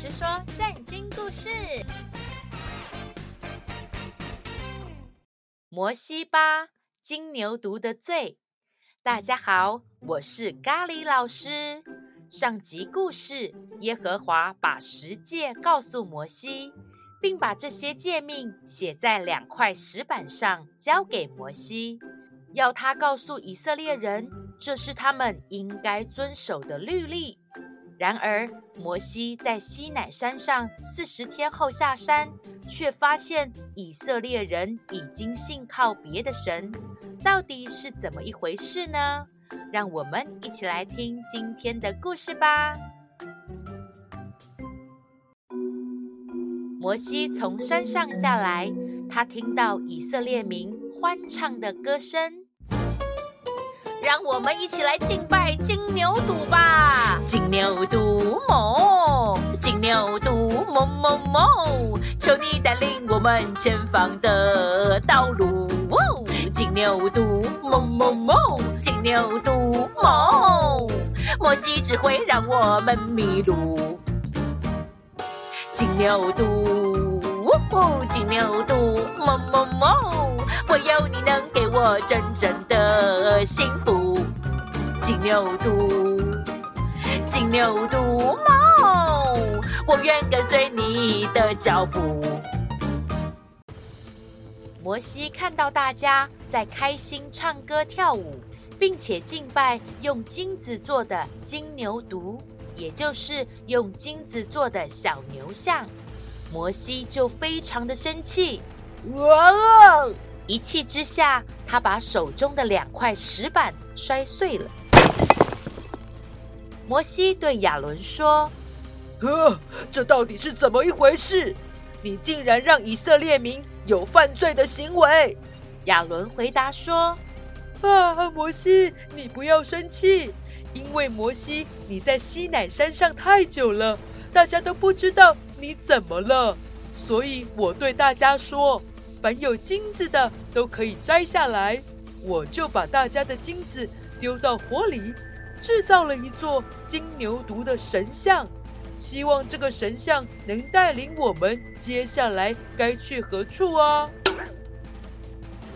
是說聖經故事。摩西八，金牛犢的罪。大家好，我是咖哩老師。上集故事，耶和華把十誡告訴摩西，並把這些誡命寫在兩塊石板上，交給摩西，要他告訴以色列人，這是他們應該遵守的律例。然而，摩西在西乃山上四十天後下山，卻發現以色列人已經信靠別的神，到底是怎麼一回事呢？讓我們一起來聽今天的故事吧。摩西從山上下來，他聽到以色列民歡唱的歌聲。讓我們一起來敬拜金牛犢吧！金牛！金牛犢，哞！金牛犢，哞哞哞！求你帶領我們前方的道路。喔，金牛犢，哞哞哞！金牛犢，哞！摩西只會讓我們迷路。金牛犢，嗚呼，呼！金牛犢，哞哞哞！唯有你能給我真正的幸福，金牛犢，金牛犢，我願跟隨你的腳步。摩西看到大家在開心唱歌跳舞，並且敬拜用金子做的金牛犢，也就是用金子做的小牛像，摩西就非常的生氣。哇哦！一氣之下，他把手中的兩塊石板摔碎了。摩西對亞倫說：“呵、啊，這到底是怎麼一回事？你竟然讓以色列民有犯罪的行為！”亞倫回答說：“啊，摩西，你不要生氣，因為摩西你在西乃山上太久了，大家都不知道你怎麼了，所以我對大家說。”凡有金子的都可以摘下來，我就把大家的金子丟到火裡，製造了一座金牛犢的神像，希望這個神像能帶領我們接下來該去何處啊！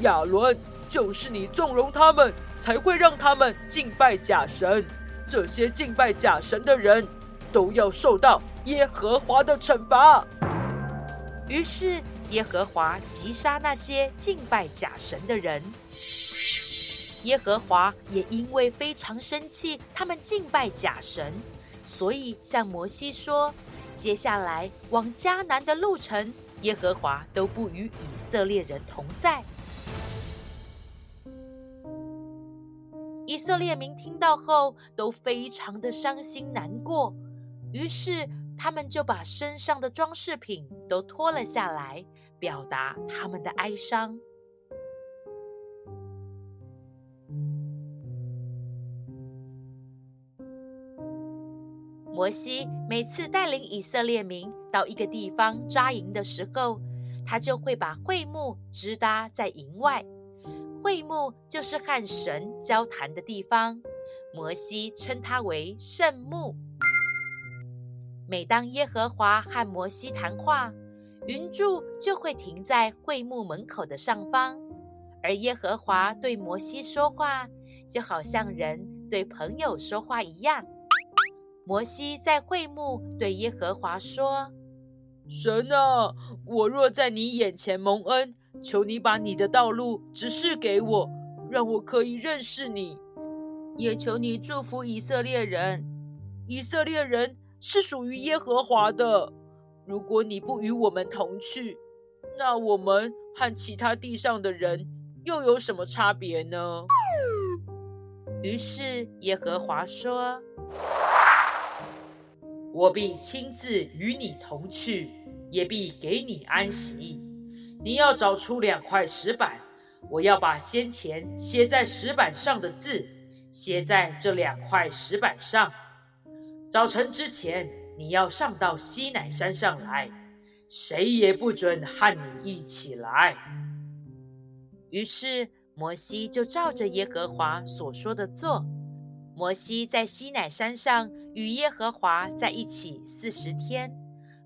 亞倫，就是你縱容他們，才會讓他們敬拜假神，這些敬拜假神的人都要受到耶和華的懲罰。於是。耶和華擊殺那些敬拜假神的人。耶和華也因為非常生氣他們敬拜假神，所以向摩西說：“接下來往迦南的路程，耶和華都不與以色列人同在。”以色列民聽到後都非常的傷心難過，於是。他們就把身上的裝飾品都脫了下來，表達他們的哀傷。摩西每次帶領以色列民到一個地方紮營的時候，他就會把會幕支搭在營外。會幕就是和神交談的地方，摩西稱它為聖幕。每當耶和華和摩西談話，雲柱就會停在會幕門口的上方，而耶和華對摩西說話，就好像人對朋友說話一樣。摩西在會幕對耶和華說：“神啊，我若在你眼前蒙恩，求你把你的道路指示給我，讓我可以認識你，也求你祝福以色列人。以色列人。”是屬於耶和華的。如果你不與我們同去，那我們和其他地上的人又有什麼差別呢？於是耶和華說：“我必親自與你同去，也必給你安息。你要找出兩塊石板，我要把先前寫在石板上的字寫在這兩塊石板上。”早晨之前，你要上到西乃山上來，誰也不准和你一起來。於是，摩西就照着耶和華所說的做。摩西在西乃山上與耶和華在一起四十天，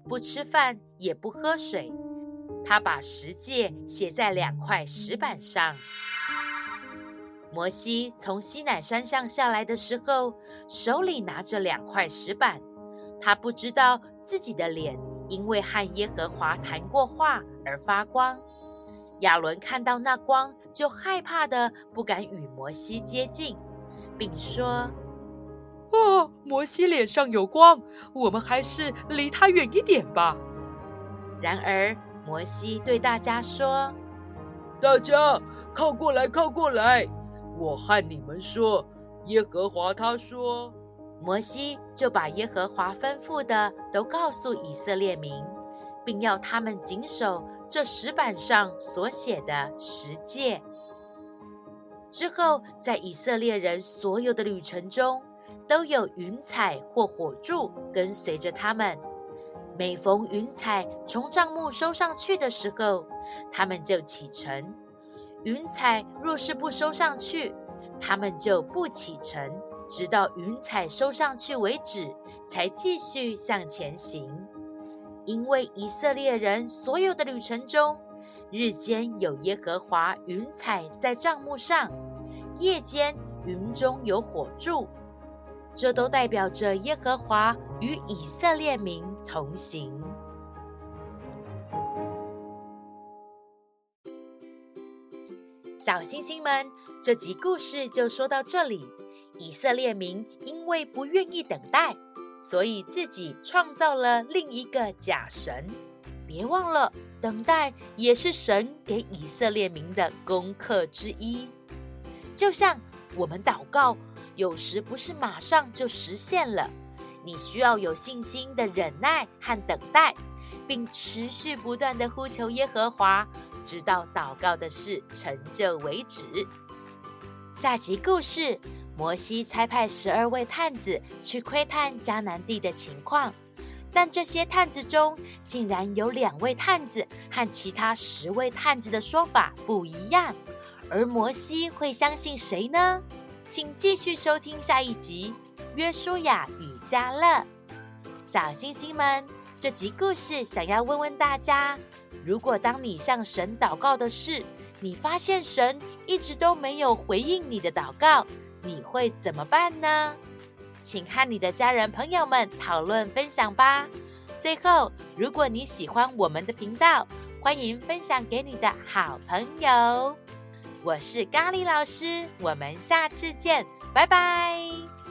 不吃飯也不喝水。他把十誡寫在兩塊石板上。摩西從西乃山上下來的時候，手裡拿着兩塊石板。他不知道自己的臉因為和耶和華談過話而發光。亞倫看到那光，就害怕得不敢與摩西接近，並說：“哦，摩西臉上有光，我們還是離他遠一點吧。”然而，摩西對大家說：“大家靠過來，靠過來。”我和你們說，耶和華他說，摩西就把耶和華吩咐的都告訴以色列民，並要他們謹守這石板上所寫的十誡。之後，在以色列人所有的旅程中，都有雲彩或火柱跟隨着他們。每逢雲彩從帳幕收上去的時候，他們就啟程。雲彩若是不收上去，他們就不啟程，直到雲彩收上去為止，才繼續向前行。因為以色列人所有的旅程中，日間有耶和華雲彩在帳幕上，夜間雲中有火柱，這都代表着耶和華與以色列民同行。小星星們，這集故事就說到這裡。以色列民因為不願意等待，所以自己創造了另一個假神。別忘了，等待也是神給以色列民的功課之一。就像我們禱告，有時不是馬上就實現了，你需要有信心的忍耐和等待，並持續不斷地呼求耶和華。直到禱告的事成就為止。下集故事：摩西差派十二位探子去窺探迦,迦南地的情況，但這些探子中竟然有兩位探子和其他十位探子的說法不一樣，而摩西會相信誰呢？請繼續收聽下一集《約書亞與迦勒》，小星星們。這集故事想要問問大家：如果當你向神禱告的事，你發現神一直都沒有回應你的禱告，你會怎麼辦呢？請和你的家人朋友們討論分享吧。最後，如果你喜歡我們的頻道，歡迎分享給你的好朋友。我是咖喱老師，我們下次見，拜拜。